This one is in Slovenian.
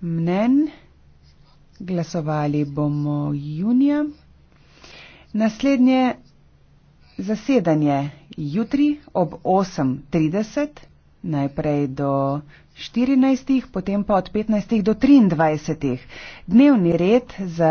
mnen. Glasovali bomo junija. Naslednje zasedanje jutri ob 8.30, najprej do 14, potem pa od 15 do 23. Dnevni red za.